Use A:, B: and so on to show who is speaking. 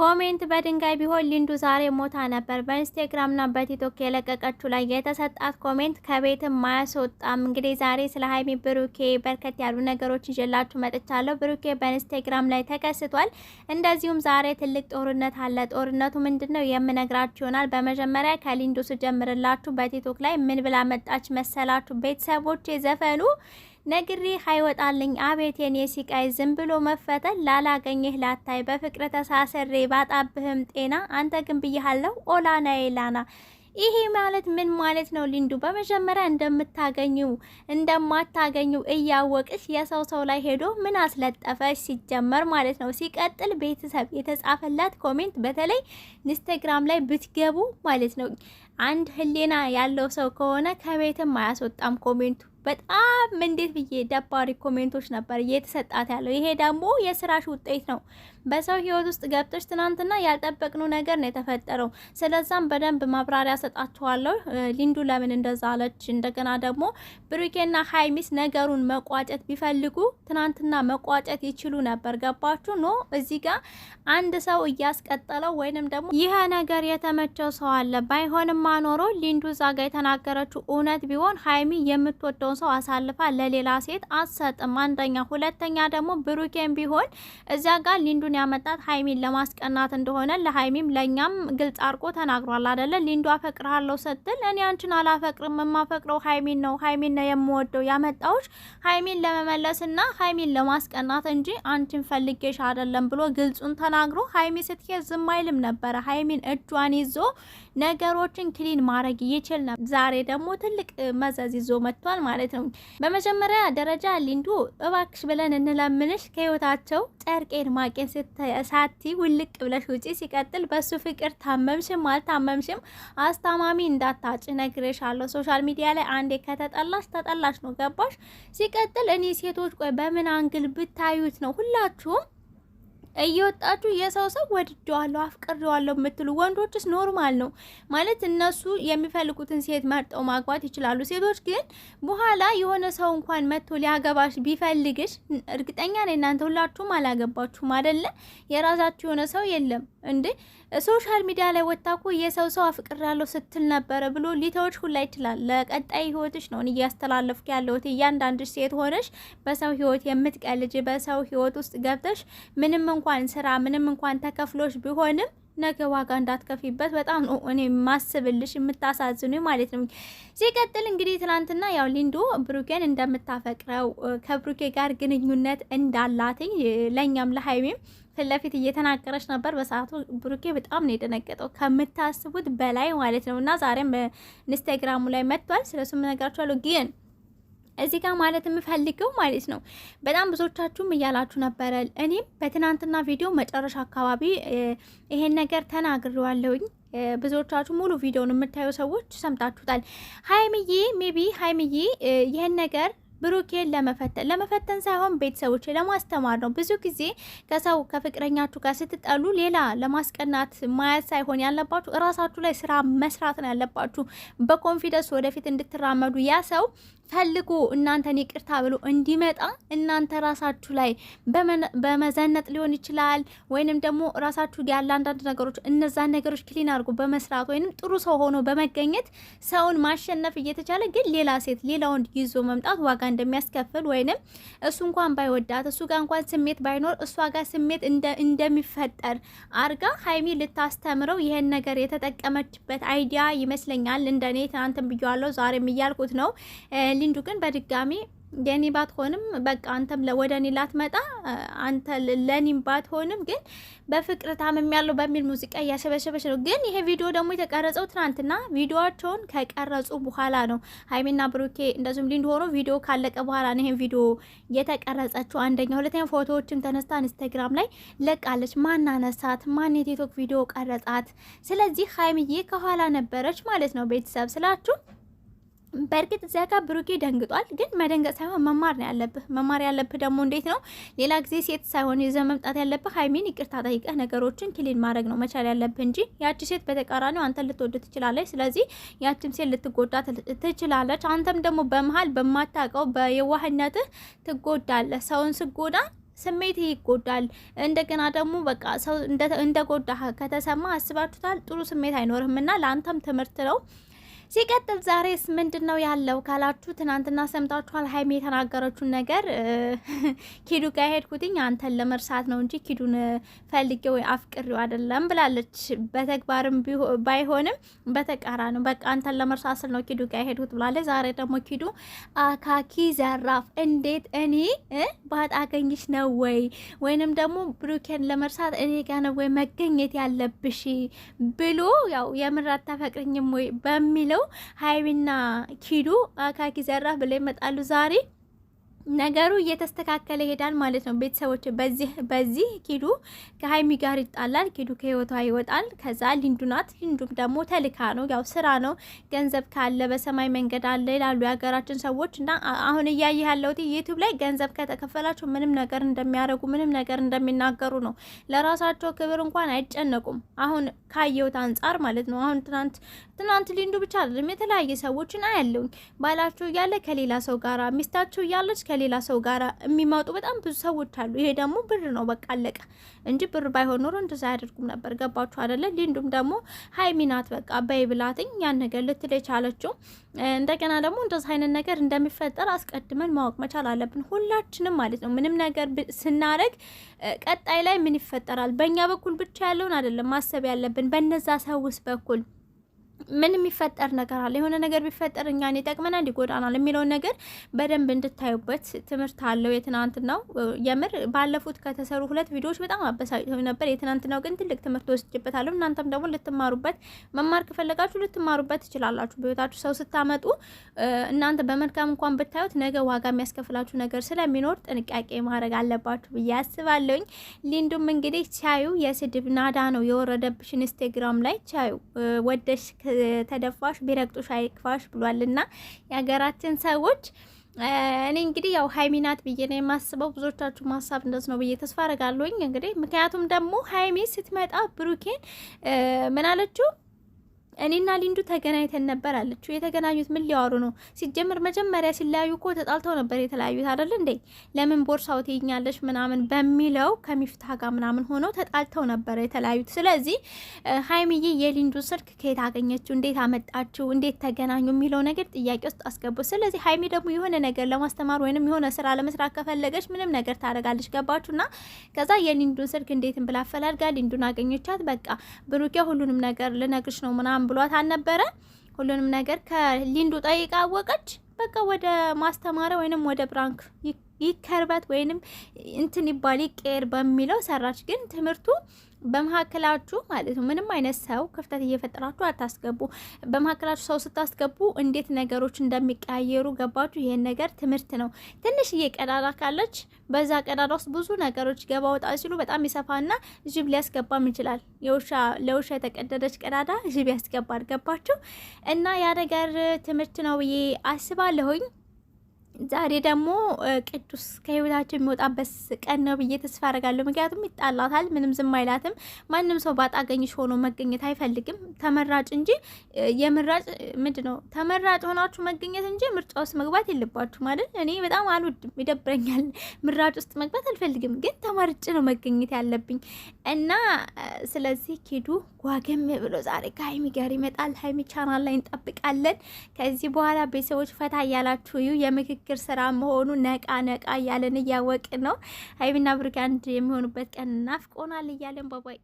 A: ኮሜንት በድንጋይ ቢሆን ሊንዱ ዛሬ ሞታ ነበር። በኢንስቴግራምና በቲክቶክ የለቀቀችው ላይ የተሰጣት ኮሜንት ከቤትም አያስወጣም። እንግዲህ ዛሬ ስለ ሀይሚ ብሩኬ በርከት ያሉ ነገሮች ይዤላችሁ መጥቻለሁ። ብሩኬ በኢንስቴግራም ላይ ተከስቷል። እንደዚሁም ዛሬ ትልቅ ጦርነት አለ። ጦርነቱ ምንድን ነው የምነግራችሁ ይሆናል። በመጀመሪያ ከሊንዱ ስጀምርላችሁ በቲክቶክ ላይ ምን ብላ መጣች መሰላችሁ ቤተሰቦች የዘፈኑ ነግሪ ሀይወጣልኝ አቤት የኔ ሲቃይ ዝም ብሎ መፈተን ላላገኘህ ላታይ በፍቅር ተሳሰሬ ባጣብህም ጤና አንተ ግን ብያሃለሁ ኦላና ላና ይሄ ማለት ምን ማለት ነው? ሊንዱ በመጀመሪያ እንደምታገኙ እንደማታገኙ እያወቅሽ የሰው ሰው ላይ ሄዶ ምን አስለጠፈሽ? ሲጀመር ማለት ነው። ሲቀጥል ቤተሰብ የተጻፈላት ኮሜንት፣ በተለይ ኢንስታግራም ላይ ብትገቡ ማለት ነው አንድ ህሊና ያለው ሰው ከሆነ ከቤትም አያስወጣም ኮሜንቱ። በጣም እንዴት ብዬ ደባሪ ኮሜንቶች ነበር እየተሰጣት ያለው። ይሄ ደግሞ የስራሽ ውጤት ነው። በሰው ህይወት ውስጥ ገብተሽ ትናንትና ያልጠበቅነው ነገር ነው የተፈጠረው። ስለዛም በደንብ ማብራሪያ ሰጣችኋለሁ። ሊንዱ ለምን እንደዛ አለች። እንደገና ደግሞ ብሩኬና ሀይሚስ ነገሩን መቋጨት ቢፈልጉ ትናንትና መቋጨት ይችሉ ነበር። ገባችሁ? ኖ እዚህ ጋር አንድ ሰው እያስቀጠለው ወይንም ደግሞ ይህ ነገር የተመቸው ሰው አለ። ባይሆንም ማኖሮ ሊንዱ ዛጋ የተናገረችው እውነት ቢሆን ሀይሚ የምትወደውን ሰው አሳልፋ ለሌላ ሴት አትሰጥም። አንደኛ። ሁለተኛ ደግሞ ብሩኬም ቢሆን እዚያ ጋር ሊንዱን ያመጣት ሀይሚን ለማስቀናት እንደሆነ ለሀይሚም ለእኛም ግልጽ አርቆ ተናግሯል አደለ? ሊንዱ አፈቅርሃለሁ ስትል እኔ አንቺን አላፈቅርም የማፈቅረው ሀይሚን ነው፣ ሀይሚን ነው የምወደው፣ ያመጣዎች ሀይሚን ለመመለስና ሀይሚን ለማስቀናት እንጂ አንቺን ፈልጌሽ አደለም ብሎ ግልጹን ተናግሮ ሀይሚ ስትሄድ ዝም አይልም ነበረ። ሀይሚን እጇን ይዞ ነገሮችን ክሊን ማድረግ ይችል ነበር። ዛሬ ደግሞ ትልቅ መዘዝ ይዞ መጥቷል ማለት ማለት ነው። በመጀመሪያ ደረጃ ሊንዱ እባክሽ ብለን እንለምንሽ ከህይወታቸው ጨርቄን ማቄን ሳቲ ውልቅ ብለሽ ውጪ። ሲቀጥል በሱ ፍቅር ታመምሽም አልታመምሽም አስታማሚ እንዳታጭ አለው። ሶሻል ሚዲያ ላይ አንዴ ከተጠላሽ ተጠላሽ ነው። ገባሽ? ሲቀጥል እኔ ሴቶች ቆይ በምን አንግል ብታዩት ነው ሁላችሁም እየወጣችሁ የሰው ሰው ወድጀዋለሁ አፍቅሬዋለሁ የምትሉ ወንዶችስ ኖርማል ነው ማለት እነሱ የሚፈልጉትን ሴት መርጠው ማግባት ይችላሉ። ሴቶች ግን በኋላ የሆነ ሰው እንኳን መጥቶ ሊያገባሽ ቢፈልግሽ እርግጠኛ ነኝ እናንተ ሁላችሁም አላገባችሁም አደለ? የራሳችሁ የሆነ ሰው የለም እንዴ? ሶሻል ሚዲያ ላይ ወጣ እኮ የሰው ሰው አፍቅራለሁ ስትል ነበረ ብሎ ሊተዎች ሁላ ይችላል። ለቀጣይ ህይወትሽ ነው እያስተላለፍኩ ያለሁት። እያንዳንድ ሴት ሆነሽ በሰው ህይወት የምትቀልጅ በሰው ህይወት ውስጥ ገብተሽ ምንም እንኳን ስራ ምንም እንኳን ተከፍሎሽ ቢሆንም ነገ ዋጋ እንዳትከፊበት በጣም ነው እኔ ማስብልሽ፣ የምታሳዝኑ ማለት ነው። ሲቀጥል እንግዲህ ትናንትና ያው ሊንዶ ብሩኬን እንደምታፈቅረው ከብሩኬ ጋር ግንኙነት እንዳላትኝ ለእኛም ለሀይሜም ፊት ለፊት እየተናገረች ነበር። በሰዓቱ ብሩኬ በጣም ነው የደነገጠው ከምታስቡት በላይ ማለት ነው። እና ዛሬም ኢንስታግራሙ ላይ መጥቷል። ስለሱም ነገራችኋለሁ ግን እዚህ ጋር ማለት የምፈልገው ማለት ነው በጣም ብዙዎቻችሁም እያላችሁ ነበረ። እኔም በትናንትና ቪዲዮ መጨረሻ አካባቢ ይሄን ነገር ተናግሬዋለሁኝ። ብዙዎቻችሁ ሙሉ ቪዲዮን የምታዩ ሰዎች ሰምታችሁታል። ሀይምዬ ሜቢ ሀይምዬ ይህን ነገር ብሩኬን ለመፈተን ለመፈተን ሳይሆን ቤተሰቦች ለማስተማር ነው። ብዙ ጊዜ ከሰው ከፍቅረኛችሁ ጋር ስትጠሉ ሌላ ለማስቀናት ማያት ሳይሆን ያለባችሁ እራሳችሁ ላይ ስራ መስራት ነው ያለባችሁ። በኮንፊደንስ ወደፊት እንድትራመዱ ያ ሰው ፈልጉ እናንተን ይቅርታ ብሎ እንዲመጣ እናንተ ራሳችሁ ላይ በመዘነጥ ሊሆን ይችላል። ወይንም ደግሞ ራሳችሁ ያለ አንዳንድ ነገሮች እነዛን ነገሮች ክሊን አድርጎ በመስራት ወይንም ጥሩ ሰው ሆኖ በመገኘት ሰውን ማሸነፍ እየተቻለ ግን ሌላ ሴት ሌላ ወንድ ይዞ መምጣት ዋጋ እንደሚያስከፍል ወይንም እሱ እንኳን ባይወዳት እሱ ጋር እንኳን ስሜት ባይኖር እሷ ጋር ስሜት እንደሚፈጠር አርጋ ሀይሚ ልታስተምረው ይህን ነገር የተጠቀመችበት አይዲያ ይመስለኛል። እንደኔ ትናንትን ብያለሁ ዛሬም እያልኩት ነው። ሊንዱ ግን በድጋሚ የኔ ባትሆንም በቃ አንተም ወደ እኔ ላትመጣ አንተ ለኔም ባትሆንም ግን በፍቅር ታምም ያለው በሚል ሙዚቃ እያሸበሸበች ነው። ግን ይሄ ቪዲዮ ደግሞ የተቀረጸው ትናንትና ቪዲዮቸውን ከቀረጹ በኋላ ነው። ሀይሜና ብሩኬ እንደዚሁም ሊንድ ሆኖ ቪዲዮ ካለቀ በኋላ ነው ይሄን ቪዲዮ የተቀረጸችው። አንደኛ ሁለተኛ ፎቶዎችም ተነስታ ኢንስታግራም ላይ ለቃለች። ማን አነሳት? ማን የቲክቶክ ቪዲዮ ቀረጻት? ስለዚህ ሀይምዬ ከኋላ ነበረች ማለት ነው። ቤተሰብ ስላችሁ በእርግጥ እዚያ ጋር ብሩኬ ደንግጧል። ግን መደንገጥ ሳይሆን መማር ነው ያለብህ። መማር ያለብህ ደግሞ እንዴት ነው? ሌላ ጊዜ ሴት ሳይሆን ይዘ መምጣት ያለብህ ሀይሜን ይቅርታ ጠይቀህ ነገሮችን ክሊን ማድረግ ነው መቻል ያለብህ እንጂ ያቺ ሴት በተቃራኒው አንተ ልትወድ ትችላለች። ስለዚህ ያችም ሴት ልትጎዳ ትችላለች። አንተም ደግሞ በመሀል በማታውቀው በየዋህነትህ ትጎዳለህ። ሰውን ስጎዳ ስሜት ይጎዳል። እንደገና ደግሞ በቃ ሰው እንደጎዳ ከተሰማ አስባችሁታል? ጥሩ ስሜት አይኖርም እና ለአንተም ትምህርት ነው ሲቀጥል ዛሬስ ምንድን ነው ያለው ካላችሁ ትናንትና ሰምታችኋል። ሀይሚ የተናገረችውን ነገር ኪዱ ጋር ሄድኩትኝ አንተን ለመርሳት ነው እንጂ ኪዱን ፈልጌ ወይ አፍቅሬው አይደለም ብላለች። በተግባርም ባይሆንም በተቃራ ነው። በቃ አንተን ለመርሳት ስል ነው ኪዱ ጋር ሄድኩት ብላለች። ዛሬ ደግሞ ኪዱ አካኪ ዘራፍ፣ እንዴት እኔ ባጣ ነው ወይ ወይንም ደግሞ ብሩኬን ለመርሳት እኔ ጋር ነው ወይ መገኘት ያለብሽ ብሎ ያው የምር አታፈቅርኝም ወይ በሚለው ሀይሚና ኪዱ አካኪ ዘራፍ ብለው ይመጣሉ ዛሬ ነገሩ እየተስተካከለ ይሄዳል ማለት ነው። ቤተሰቦች በዚህ በዚህ ኪዱ ከሀይሚ ጋር ይጣላል፣ ኪዱ ከህይወቷ ይወጣል። ከዛ ሊንዱ ናት። ሊንዱም ደግሞ ተልካ ነው፣ ያው ስራ ነው። ገንዘብ ካለ በሰማይ መንገድ አለ ይላሉ የሀገራችን ሰዎች። እና አሁን እያየ ያለሁት ዩቱብ ላይ ገንዘብ ከተከፈላቸው ምንም ነገር እንደሚያደርጉ ምንም ነገር እንደሚናገሩ ነው። ለራሳቸው ክብር እንኳን አይጨነቁም። አሁን ካየሁት አንጻር ማለት ነው። አሁን ትናንት ትናንት ሊንዱ ብቻ አይደለም የተለያየ ሰዎችን አያለውኝ ባላቸው እያለ ከሌላ ሰው ጋራ ሚስታቸው እያለች ከሌላ ሰው ጋር የሚማጡ በጣም ብዙ ሰዎች አሉ። ይሄ ደግሞ ብር ነው፣ በቃ አለቀ። እንጂ ብር ባይሆን ኖሮ እንደዛ አያደርጉም ነበር። ገባችሁ አደለ? ሊንዱም ደግሞ ሀይሚ ሚናት በቃ በይ ብላትኝ ያን ነገር ልትል የቻለችው። እንደገና ደግሞ እንደዚህ አይነት ነገር እንደሚፈጠር አስቀድመን ማወቅ መቻል አለብን ሁላችንም ማለት ነው። ምንም ነገር ስናደርግ ቀጣይ ላይ ምን ይፈጠራል በእኛ በኩል ብቻ ያለውን አይደለም ማሰብ ያለብን በነዛ ሰውስ በኩል ምን የሚፈጠር ነገር አለ፣ የሆነ ነገር ቢፈጠር እኛን ይጠቅመናል፣ ይጎዳናል የሚለውን ነገር በደንብ እንድታዩበት ትምህርት አለው። የትናንትናው የምር ባለፉት ከተሰሩ ሁለት ቪዲዮዎች በጣም አበሳጭተው ነበር። የትናንትናው ግን ትልቅ ትምህርት ወስጅበታለሁ። እናንተም ደግሞ ልትማሩበት መማር ከፈለጋችሁ ልትማሩበት ትችላላችሁ። በህይወታችሁ ሰው ስታመጡ እናንተ በመልካም እንኳን ብታዩት ነገ ዋጋ የሚያስከፍላችሁ ነገር ስለሚኖር ጥንቃቄ ማድረግ አለባችሁ ብዬ አስባለሁኝ። ሊንዱም እንግዲህ ቻዩ የስድብ ናዳ ነው የወረደብሽ ኢንስቴግራም ላይ ቻዩ ወደሽ ተደፋሽ ቢረግጡሽ አይክፋሽ ብሏልና የሀገራችን ሰዎች እኔ እንግዲህ ያው ሀይሚ ናት ብዬ ነው የማስበው። ብዙዎቻችሁ ማሳብ እንደዚህ ነው ብዬ ተስፋ አደርጋለሁኝ። እንግዲህ ምክንያቱም ደግሞ ሀይሚ ስትመጣ ብሩኬን ምን አለችው? እኔና ሊንዱ ተገናኝተን ነበር አለችው። የተገናኙት ምን ሊያወሩ ነው? ሲጀምር መጀመሪያ ሲለያዩ እኮ ተጣልተው ነበር የተለያዩት አይደል እንዴ? ለምን ቦርሳው ትይኛለሽ ምናምን በሚለው ከሚፍታ ጋር ምናምን ሆነው ተጣልተው ነበር የተለያዩት። ስለዚህ ሀይሚዬ የሊንዱ ስልክ ከየት አገኘችው፣ እንዴት አመጣችው፣ እንዴት ተገናኙ የሚለው ነገር ጥያቄ ውስጥ አስገቡ። ስለዚህ ሀይሚ ደግሞ የሆነ ነገር ለማስተማር ወይንም የሆነ ስራ ለመስራት ከፈለገች ምንም ነገር ታደርጋለች። ገባችሁና ከዛ የሊንዱን ስልክ እንዴትን ብላ አፈላልጋ ሊንዱን አገኘቻት። በቃ ብሩኬ ሁሉንም ነገር ልነግርሽ ነው ምናምን ብሏት አልነበረ? ሁሉንም ነገር ከሊንዱ ጠይቃ አወቀች። በቃ ወደ ማስተማሪያ ወይንም ወደ ብራንክ ይከርበት ወይንም እንትን ይባል ይቀር በሚለው ሰራች። ግን ትምህርቱ በመካከላችሁ ማለት ነው። ምንም አይነት ሰው ክፍተት እየፈጠራችሁ አታስገቡ። በመካከላችሁ ሰው ስታስገቡ እንዴት ነገሮች እንደሚቀያየሩ ገባችሁ? ይሄን ነገር ትምህርት ነው። ትንሽ እየቀዳዳ ካለች በዛ ቀዳዳ ውስጥ ብዙ ነገሮች ገባ ወጣ ሲሉ በጣም ይሰፋና ጅብ ሊያስገባም ይችላል። የውሻ ለውሻ የተቀደደች ቀዳዳ ጅብ ያስገባል። ገባችሁ? እና ያ ነገር ትምህርት ነው ብዬ አስባለሁኝ። ዛሬ ደግሞ ቅዱስ ከህይወታቸው የሚወጣበት ቀን ነው ብዬ ተስፋ አደርጋለሁ። ምክንያቱም ይጣላታል፣ ምንም ዝም አይላትም። ማንም ሰው ባጣገኝሽ ሆኖ መገኘት አይፈልግም። ተመራጭ እንጂ የምራጭ ምንድን ነው ተመራጭ ሆናችሁ መገኘት እንጂ ምርጫ ውስጥ መግባት የለባችሁ ማለት። እኔ በጣም አልወድም፣ ይደብረኛል። ምራጭ ውስጥ መግባት አልፈልግም፣ ግን ተመርጭ ነው መገኘት ያለብኝ እና ስለዚህ ኪዱ ጓገም ብሎ ዛሬ ከሀይሚ ጋር ይመጣል። ሀይሚ ቻናል ላይ እንጠብቃለን። ከዚህ በኋላ ቤተሰቦች ፈታ እያላችሁ የምክክል የፍቅር ስራ መሆኑ ነቃ ነቃ እያለን እያወቅ ነው። ሀይሚና ብሩክ አንድ የሚሆኑበት ቀን እናፍቆናል እያለን ባባይ